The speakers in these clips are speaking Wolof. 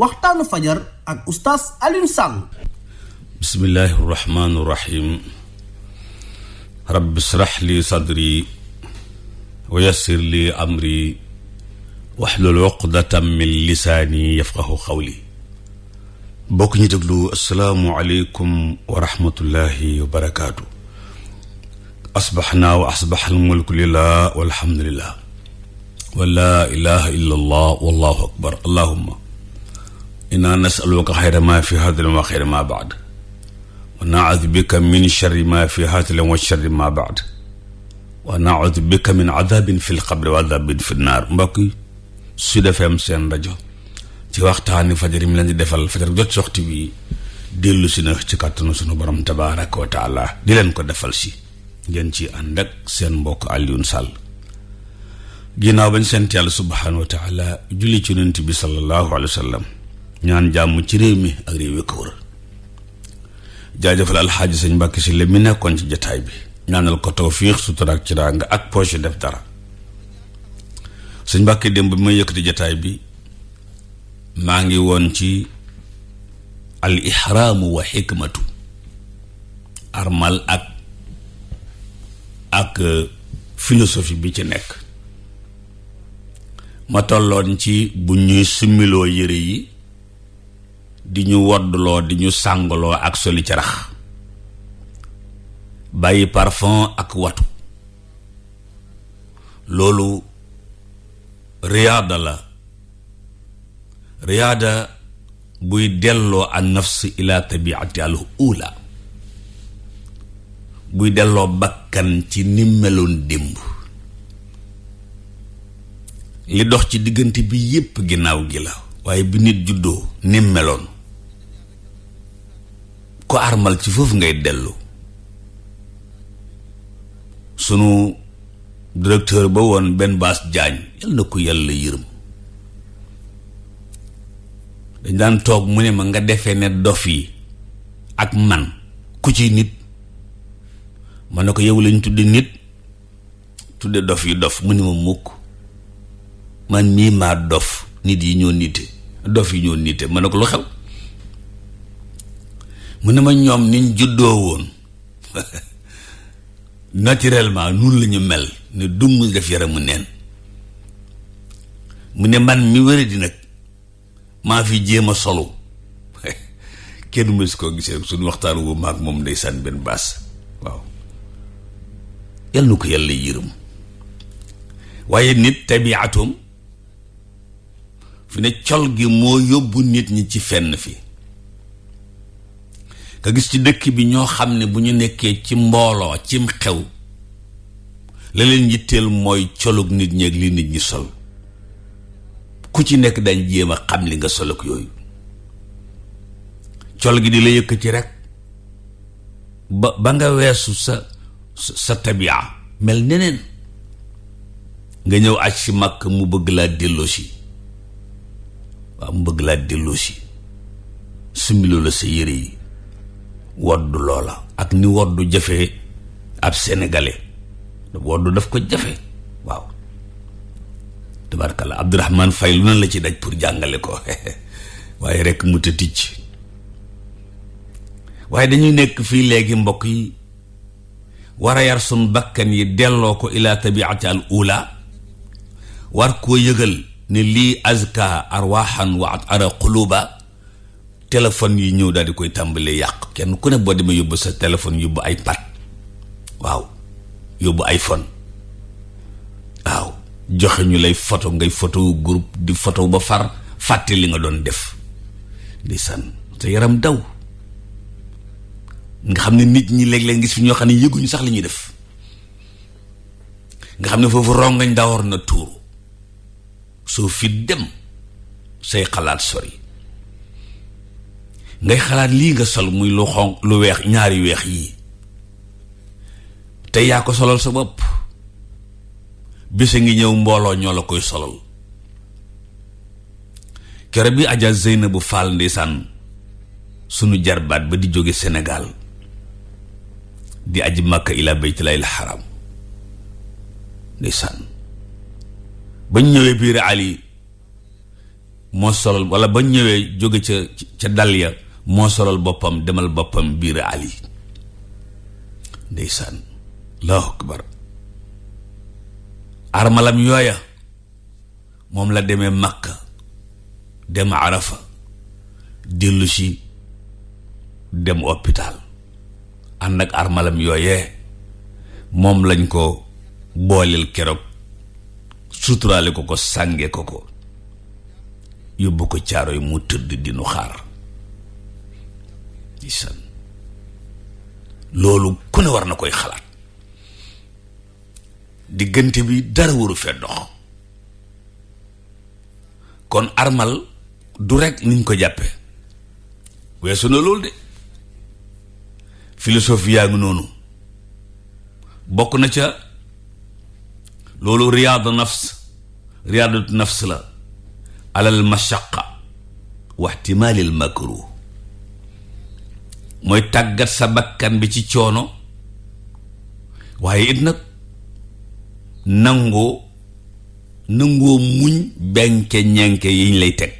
waxtaanu fajar ak oustaz Alioune Sall bismillahi irrahmani irrahim rabbi israh li sadri wa yassir li amri waxlul uqdatam min lisaani yafqahu xawli bokk ñu déglu asalaamualeykum wa rahmatullahi wa barakaatu asbaxnaa wa asbax almulku lillah walhamdulillah wa laa ilaha illa allah wallahu akbar allahumma inna nasaluka xayra ma fi haadalem wa xayra ma baad wa naudu bika min sharri ma fi haadalem wa sharri ma baad wa naudu bika min adabin fi lxabri wa adabin fi naar mbokk Sud FM seen rajo ci waxtaani fajar yi mu leen di defal fajar jot soxti bi dellu si na ci kàttanu sunu borom tabaaraka wa taala di leen ko defal si ngeen ci ànd ak seen mbokk Alioune Sall ginnaaw bañ sant yàlla subhaanahu wa taala julli ci yonent bi sallallahu alayhi wa sallam ñaan jàmm ci réew mi ak réew yi ko wër jaajëfal alxaaji sëñ Mbàkke si le mi nekkoon ci jataay bi ñaanal ko tawfiix sutura ci nga ak poche def dara sëñ Mbàkke démb bi may yëkkati jataay bi maa ngi woon ci al ihraamu wa xikmatu armal ak ak philosophie bi ci nekk ma tolloon ci bu ñuy summiloo yëre yi di ñu woddloo di ñu sàngaloo ak soli carax bàyyi parfum ak watu loolu riyaada la riyaada buy delloo an nafs ila tabiati al ula buy delloo bakkan ci ni meloon li dox ci diggante bi yépp ginnaaw gi la waaye bi nit juddoo ni meloon ko armal ci foofu ngay dellu sunu directeur ba woon benn baas jaañ yal na ko yàlla yërëm dañ daan toog mu ne ma nga defe ne dof yi ak man ku ci nit ma ne ko yow lañu tudde nit tudde dof yi dof mu ne ma mukk man mii maa dof nit yi ñoo nite dof yi ñoo nite ma ne ko lu xew mu ne ma ñoom niñ juddoo woon naturellement nun lañu ñu mel ne dumm def yaramu nen mu ne man mi wéra nag maa fi jéem a solu kenn mës koo gisee suñu waxtaan wu maag moom day ndeysaan benn baas waaw yàlla na ko yàlla yërëm waaye nit tabiatum fi ne col gi moo yóbbu nit ñi ci fenn fi nga gis ci dëkk bi ñoo xam ne bu ñu nekkee ci mbooloo ci xew la leen yitteel mooy colug nit ñi li nit ñi sol ku ci nekk dañ jéem a xam li nga sol ak yooyu col gi di la yëkk ci rek ba ba nga weesu sa sa tabia mel neneen nga ñëw aj si makk mu bëgg laa delloo si waaw mu bëgg laa delloo si sumbiloo la sa yére yi wodd loola ak ni woddu jafe ab sénégalais woddu daf ko jafe waaw tabarkalla Abdourahman Faye lu na la ci daj pour jàngale ko waaye rek mu tëticc waaye dañuy nekk fii léegi mbokk yi war a yar suñ bakkan yi delloo ko ila tabiati al ula war koo yëgal ni lii azka arwaxan wa at ara quluba téléphone yu ñëw daal di koy tàmbalee yàq kenn ku ne boo demee yóbbu sa téléphone yóbbu ay pat waaw yóbbu ay phone waaw joxe ñu lay foto ngay photo groupe di foto ba far fàtte li nga doon def di san sa yaram daw nga xam ne nit ñi léeg-léeg gis fi ñoo xam ne yëguñu sax li ñuy def nga xam ne foofu rongañ daawoor na tuuru soo fi dem say xalaat sori ngay xalaat lii nga sol muy lu xonq lu weex ñaari weex yi te yaa ko solal sa bopp bés a ngi ñëw mbooloo ñoo la koy solal kere bi Adja Zeynabu Fall ndeysaan sunu jarbaat ba di jóge senegaal di aji Makka ila baytilaayil xaram ndeysaan bañ ñëwee biir Ali moo solal walla ba ñëwee jóge ca ca dal ya moo solal boppam demal boppam biir ali ndeysaan allahu armalam yooya moom la demee makka dem arafa dellu si dem hôpital ànd ak armalam yooyee moom lañ ko booleel keroog suturaale ko ko sànge ko ko yóbbu ko caaro yi mu tëdd dinu nu xaar loolu ku ne war na koy xalaat diggante bi dara waru fee kon armal du rek niñ ko jàppe weesu na loolu de philosophie yaa ngi noonu bokk na ca loolu riyaadu nafs riyaadu nafs la alal mashaqa wa ihtimaalil mooy tàggat sa bakkan bi ci coono waaye it nag nangoo nangoo muñ benke ñenke yiñ lay teg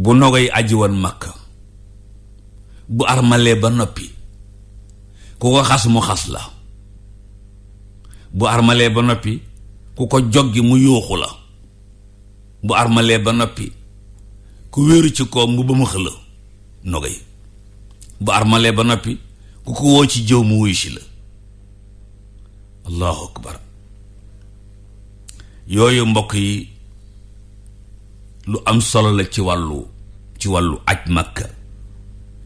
bu nogay aji woon makka bu armalee ba noppi ku ko xas mu xas la bu armalee ba noppi ku ko joggi mu yuuxu la bu armalee ba noppi ku wéeru ci koom mu ba ma xëla nogay bu armalee ba noppi ku ko woo ci jëw mu wuyu si la allahu akbar yooyu mbokk yi lu am solo la ci wàllu ci wàllu aj makka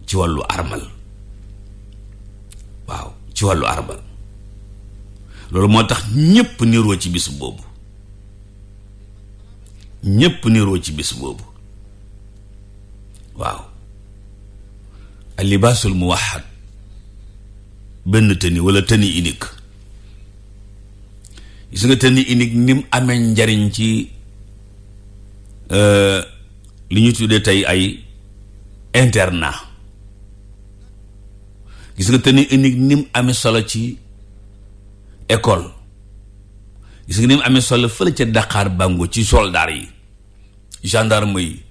ci wàllu armal waaw ci wàllu armal loolu moo tax ñépp niroo ci bis boobu ñépp niroo ci bis boobu waaw alibaasul muwahhad benn tëni wala tëni unique gis nga tëni unique nim amee njariñ ci euh, li ñu tuddee tey ay internat gis nga tëni unique nim amee solo ci école gis nga ni mu amee solo fële ca daqaar Bango ci soldaar yi gendarme yi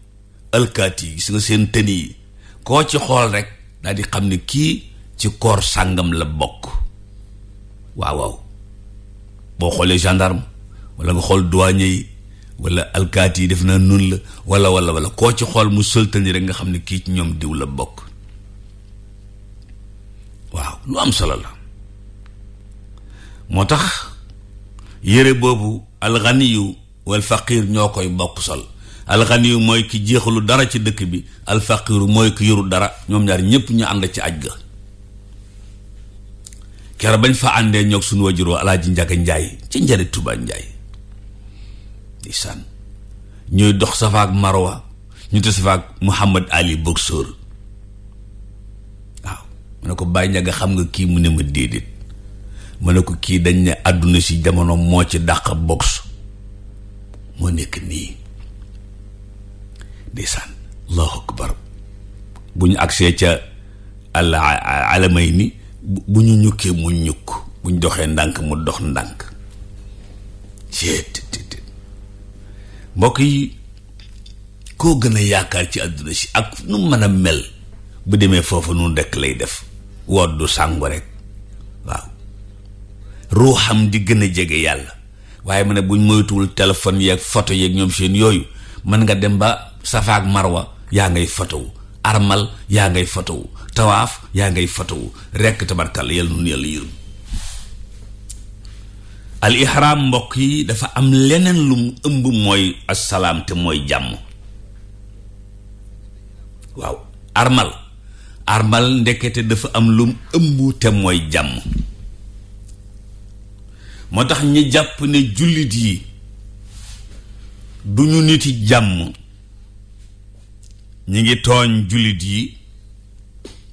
alkaati yi gis nga seen tën yi koo ci xool rek daal di xam ne kii ci koor sàngam la bokk waaw waaw boo xoolee gendarme walla nga xool douanier yi wala alkaati yi def na nun la wala wala wala koo ci xool mu sëltani rek nga xam ne kii ci ñoom diw la bokk waaw lu am solo la moo tax yére boobu alxaniyu wal faqiir ñoo koy bokk sol alxaniyu mooy ki jeexalu dara ci dëkk bi alfaqiiru mooy ki yoru dara ñoom ñaar ñépp ñu ànd ci aj ga kera bañ fa àndee ñoog suñu wajur wa alaaji njaga njaay ci njari tuba njaay ndeysaan ñuy dox safaak marwa ñu te safaak muhammad ali boxeur waaw mu ne ko bàyyi njaga xam nga kii mu ne ma déedéet ma ne ko kii dañ ne àdduna si jamono moo ci dàq box moo nekk nii ndeysaan allahu akbar bu ñu agsee ca àll alamay ni bu ñu ñukkee mu ñukk bu ñu doxee ndànk mu dox ndànk mbokk yi koo gën a yaakaar ci àdduna si ak nu mën a mel bu demee foofu noonu rekk lay def woor du sàngu rek waaw ruuxam di gën a jege yàlla waaye mu ne buñ moytuwul téléphone yeeg photo yeek ñoom seen yooyu mën nga dem ba safa marwa yaa ngay fotowu armal yaa ngay fotowu tawaaf yaa ngay fotowu rekk tabarkàlla yàlla nun yàlla yërëm al mbokk yi dafa am leneen lu ëmb mooy assalaam te mooy jàmm waaw armal armal ndekete dafa am lu ëmb te mooy jàmm moo tax ñi jàpp ne jullit yi du ñu niti jàmm ñi ngi tooñ jullit yi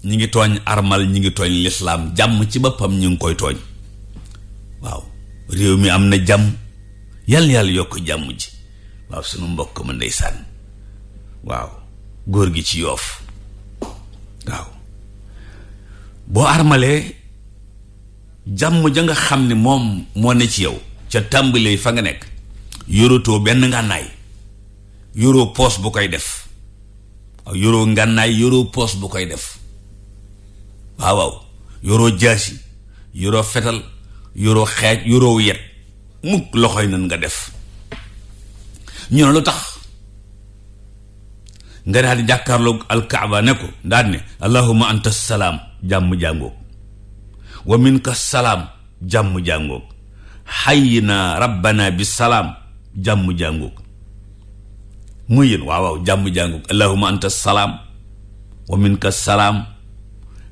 ñi ngi tooñ armal ñi ngi tooñ lislaam jàmm ci boppam ñu ngi koy tooñ waaw réew mi am na jàmm yàlla yàlla yokk jàmm ji waaw sunu mbokk ma ndeysaan waaw góor gi ci yoof waaw boo armalee jàmm ja nga xam ni moom moo ne ci yow ca tàmbalee fa nga nekk yoratoo benn ngànnaay yoroo poos bu koy def waaw yoroo ngànnaay yoroo poos bu koy def waaw waaw yoroo jaasi yoroo fetal yoroo xeej yoroo yet mukk loxoy na nga def ñu ne lu tax nga daal di jàkkaarloog alkaaba ne ko ne allahuma anta salaam jàmm jàngoo wa minka salaam jàmm jàngook hayyina rabbana jàmm jàngook muy yéen waaw waaw jàmm jàngoog allahumma anta salaam wa minka salaam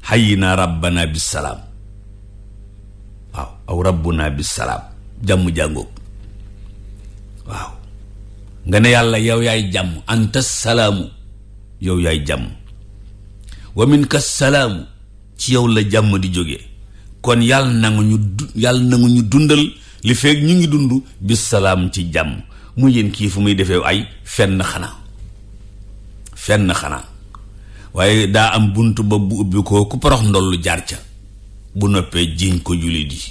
hayyina bi salaam waaw aw rabbuna bi salaam jàmm jàngook waaw nga ne yàlla yow yaay jàmm anta salaamu yow yaay jàmm wa minka salaamu ci yow la jàmm di jóge kon yàlla na ñu ñu dundal li feeg ñu ngi dund bis salaam ci jàmm mu yéen kii fu muy defee ay fenn xanaa fenn xanaa waaye daa am bunt ba bu ubbi ko ku porox ndollu jaar ca bu noppee jiiñ ko jullit yi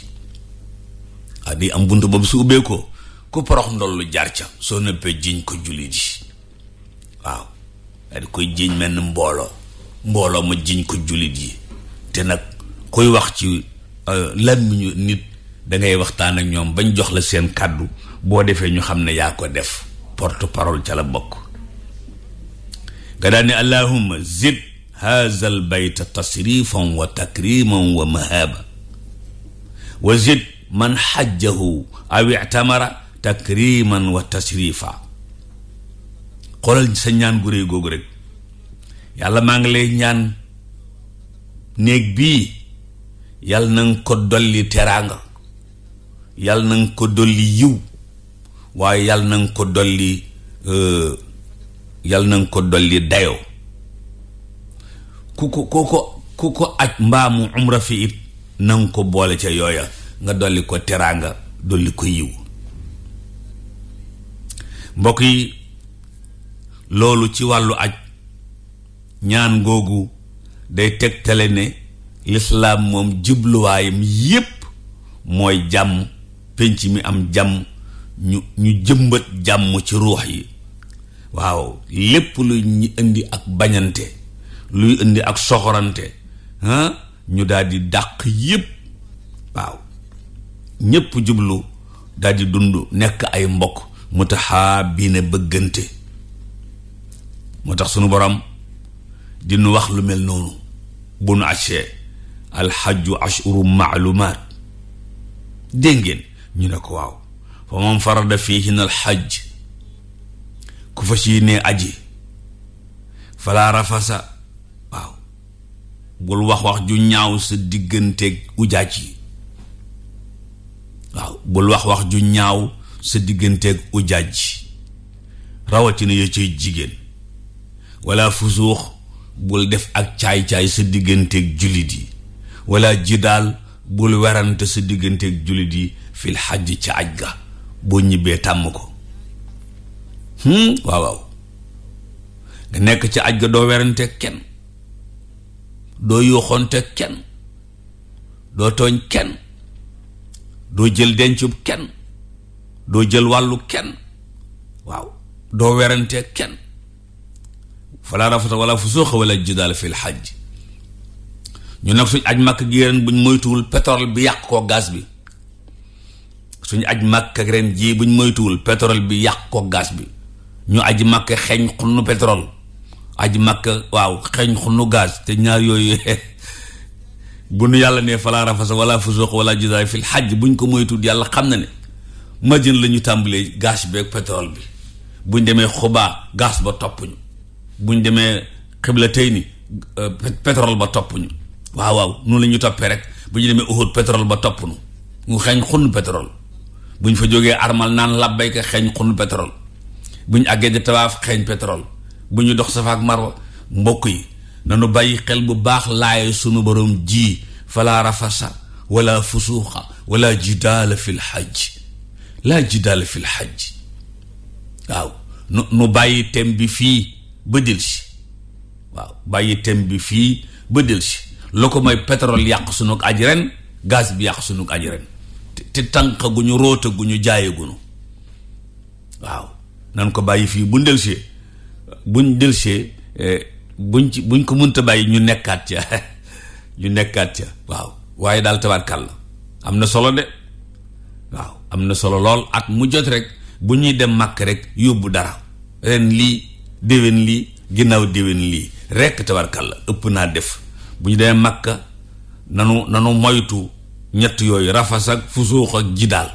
waaw ah, am bunt ba su ubbee ko ku porox ndollu ca soo noppee jiiñ ko jullit yi waaw daa di koy jiiñ mel ni mbooloo mbooloo ma jiiñ ko jullit yi te nag kuy wax ci Euh, làmmiñu nit dangay waxtaan ak ñoom bañ jox la seen kàddu boo defee ñu xam ne yaa ko def porte parole ca la bokk nga daal ne allahumma zid haazal bayta tasrifan wa takriman wa mahaba wa zid man xajjahu aw ictamara takriman wa tasrifa xoolal sa ñaan gu réy googu rek yàlla maa ngi lay ñaan néeg bii yal na ko dolli teraanga yal na ko dolli yiw waaye yal na ko dolli euh, yal na ko dolli dayoo ku ko ku ko aj mbaamu umra fi it na ko boole ca yooya nga dolli ko teraanga dolli ko yiw mbokk yi loolu ci wàllu aj ñaan googu day tegtale ne lislaam moom jubluwaayam yépp mooy jàmm pénc mi am jàmm ñu ñu jëmbat jàmm ci ruux yi waaw lépp lu ñu indi ak bañante luy indi ak soxorante ñu daldi dàq yépp waaw ñépp jublu daldi dund nekk ay mbokk mu taxaa bii ne bëggante moo tax sunu borom dinu wax lu mel noonu bu nu àccee alxajju ashuru maalumaat dégg ñu ne ko waaw fa man farada fiihin alxajj ku fas yéenee aji falaa rafasa waaw bul wax wax ju ñaaw sa digganteeg ujaaj yi waaw bul wax wax ju ñaaw sa digganteeg ujaaj rawatina yo cay jigéen wala fusuux bul def ak caay-caay sa digganteeg jullit yi wala jidaal bul werante sa digganteek jullit yi fil xaj ca aj ga boo ñibbee tàmm ko hmm? waaw waaw nga nekk ci aj ga doo weranteeg kenn doo yuuxoonteeg kenn doo tooñ kenn doo jël dencub kenn doo jël wàllu kenn waaw doo weranteeg kenn laa rafata wala fusuuqa wala jidaal fil xaj ñu nag suñ aj màkk gi ren buñ moytuwul pétrole bi yàq ko gaz bi suñ aj màkk ak ren jii buñ moytuwul pétrole bi yàq ko gaz bi ñu aj màkk xeeñ xunnu pétrole aj màkk waaw xeeñ xunnu gaz te ñaar yooyu bu nu yàlla ne falaa rafasa wala fusuq wala jidaal fil xaj buñ ko moytuwul yàlla xam na ne Madina la ñu tàmbalee gaz bi ak pétrole bi buñ demee xubaa gaz ba topp ñu buñ demee xibla tey ni euh, pétrole ba toppuñu waaw waaw noonu la ñu toppee rek bu ñu demee Uhud pétrole ba topp mu xeeñ xunn pétrole bu ñu fa jógee armal naan labbayka xeeñ xunn petrol bu ñu àggee di tawaaf xeeñ pétrole bu ñu dox safa ak marwa mbokk yi nanu bàyyi xel bu baax laaye sunu boroom ji fala rafasa wala fusuuxa wala jidaala fil xajj laa jidaala fil xajj waaw nu nu bàyyi tem bi fii ba dil si waaw bàyyi tem bi fii ba dil si lu ko mooy pétrole yàq sunug aj ren gaz bi yàq sunug aj ren te tànq gu ñu róota gu ñu jaaye gu waaw nan ko bàyyi fii buñ delsee buñ delsee eh, buñ ci buñ ko mënta bàyyi ñu nekkaat ca ñu nekkaat ca waaw waaye daal tabarkal la am na solo de waaw am na solo lool at mu jot rek bu ñuy dem màkk rek yóbbu dara ren lii déwén lii ginnaaw déwén lii rekk tabarkal la ëpp naa def bu ñu dee makka nanu nanu moytu ñett yooyu rafas ak fusuux ak jidaal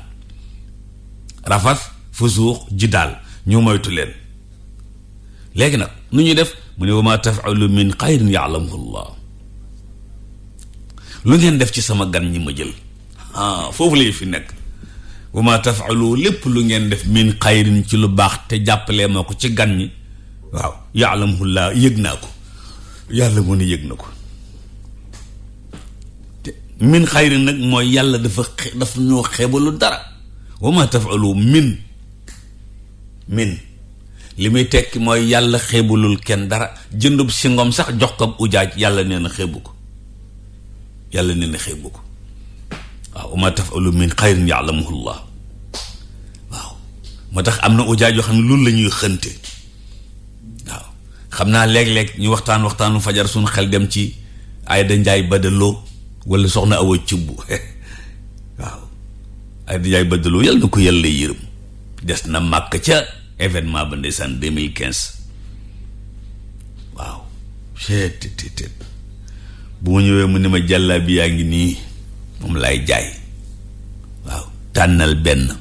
rafas fusuux jidaal ñu moytu leen léegi nag nu ñuy def mu ne wa ma tafalu min xayrin yaalamuhu llah def ci sama gan jël ah, foofu lay fi nekk wa ma lépp lu ngeen def min xayrin ci lu baax te jàppalee ma ko ci gan ñi waaw yaalamuhu llah yëg naa ko yàlla mu ne yëg na ko min xayri nag mooy yàlla dafa daf ñoo xeebalu dara wa ma tafalu miin min li muy tekki mooy yàlla xeebalul kenn dara jëndub singom sax jox ko ujaaj yàlla nee na xeebu ko yàlla nee na xeebu ko waaw wa ma tafalu xayrin yalamuhu llah waaw moo tax am na ujaaj yoo xam ne loolu la ñuy xënte waaw xam naa léeg-léeg ñu waxtaan waxtaanu fajar suñu xel dem ci da Njaay ba Badaloo wala soxna awa cubb waaw ay dajaay na ko yàlla yërëm des na màkk ca événement ba ndeysaan deux quinze waaw tet tet bu ma ñëwee mu ne ma jàllaa bi yaa ngi nii moom laay jaay waaw tànnal benn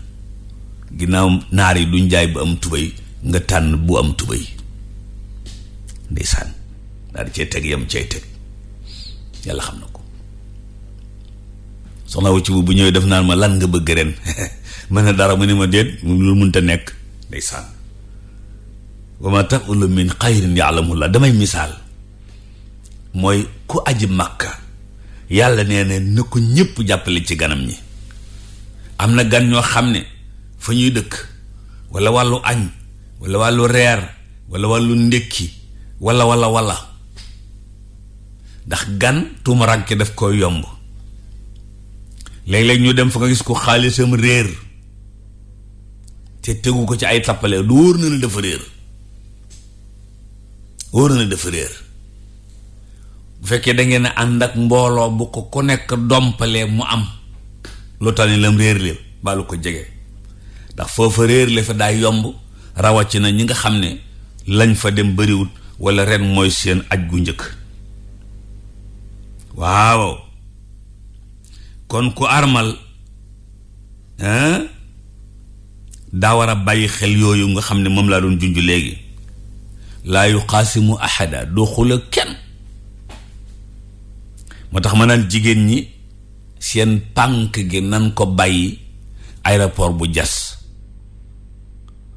ginnaaw naar yi duñ jaay ba am tubéy nga tànn bu am tubéy ndeysaan daal di cay teg yam cay teg yàlla xam na ko soxna wacc bu bu ñëwee def naan ma lan nga bëgg ren man ne dara mu ni ma déet lu mënta nekk ndeysaan wa ma taf'alu min xayrin ya'lamu la damay misaal mooy ku aji màkka yàlla nee na na ko ñëpp jàppale ci ganam ñi am na gan ñoo xam ne fa ñuy dëkk walla wàllu añ walla wàllu reer wala wàllu ndékki walla wala walla ndax gan tuuma ranke daf koy yomb léeg-léeg ñu dem fa nga gis ko xaalisam réer te tegu ko ci ay tappale du wóor na ne dafa réer wóor na ne dafa réer bu fekkee da ngeen ànd ak mbooloo bu ko ku nekk dompalee mu am lu tal ni lam réer li baalu ko jege ndax foofa réer li fa daay yomb rawatina ñi nga xam ne lañ fa dem bëriwut walla ren mooy seen aj gu njëkk waaw kon ku armal daawara bàyyi xel yooyu nga xam ne moom laa doon junj léegi laa yuqaasimu ahada doo xula kenn moo tax ma naan jigéen ñi seen pànk gi nan ko bàyyi aéroport bu jas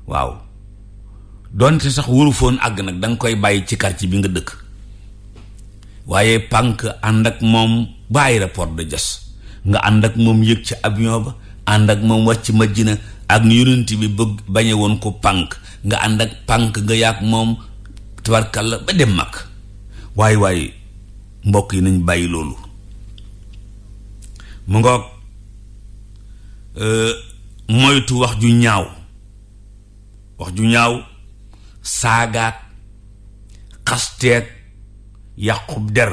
waaw doonte sax wuru foon àgg nag danga koy bàyyi ci quartier bi nga dëkk waaye pànk ànd ak moom ba aéroport da jas nga ànd ak moom yëg ci avion ba ànd ak moom wàcc Madina ak yonent bi bëgg bañe woon ko pànk nga ànd ak pànk nga yàgg moom tabarkalla ba dem mag waaye waaye mbokk yi nañ bàyyi loolu mu ngoog euh, moytu wax ju ñaaw wax ju ñaaw saagaat xasteeg yàqub der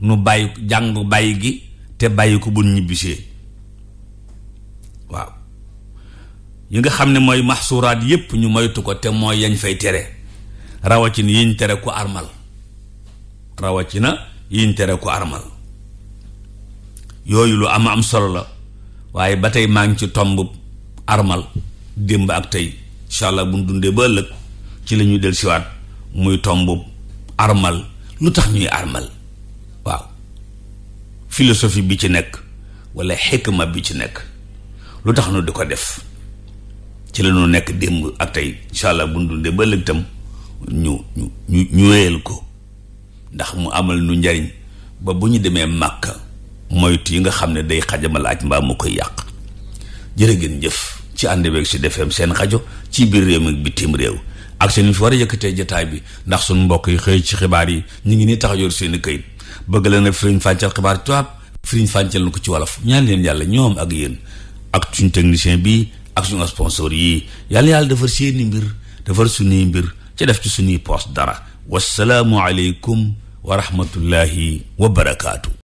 nu bàyyi jàng bàyyi gi te bàyyi ko bu ñibbisee waaw yi nga xam ne mooy maxsuraat yépp ñu moytu ko te mooy yañ fay tere rawatina yiñ tere ku armal rawatina yiñ tere ku armal yooyu lu am am solo la waaye ba tey maa ngi ci tomb armal démb ak tey incha allah bu ñu dundee ba ëllëg ci lañuy ñuy muy tomb armal lu tax ñuy armal philosophie bi ci nekk walla xikma bi ci nekk lu tax na di ko def ci la nu nekk démb ak tey incha allah bu ñu dundee ba ëllëg tam ñu ñu ñu ñëweel ko ndax mu amal nu njariñ ba bu ñu demee màkk moytu yi nga xam ne day xajamal aj mbaam mu koy yàq jërë ngeen jëf ci ànd beeg si defeem seen rajo ci biir réew mi bitim réew ak seen fi war a yëkkatee jotaay bi ndax suñu mbokk yi xëy ci xibaar yi ñu ngi nii tax a yor seeni i bëgg la nag firiñ fàncal xibaar tubaab firiñ fàncal na ko ci wolof ñaan leen yàlla ñoom ak yéen ak suñu technicien bii ak suñu sponsor yi yàlla yàlla defar seeni mbir defar suñuy mbir ci def ci suñuy poos dara wasalaamu aleykum wa rahmatullahi wa barakaatu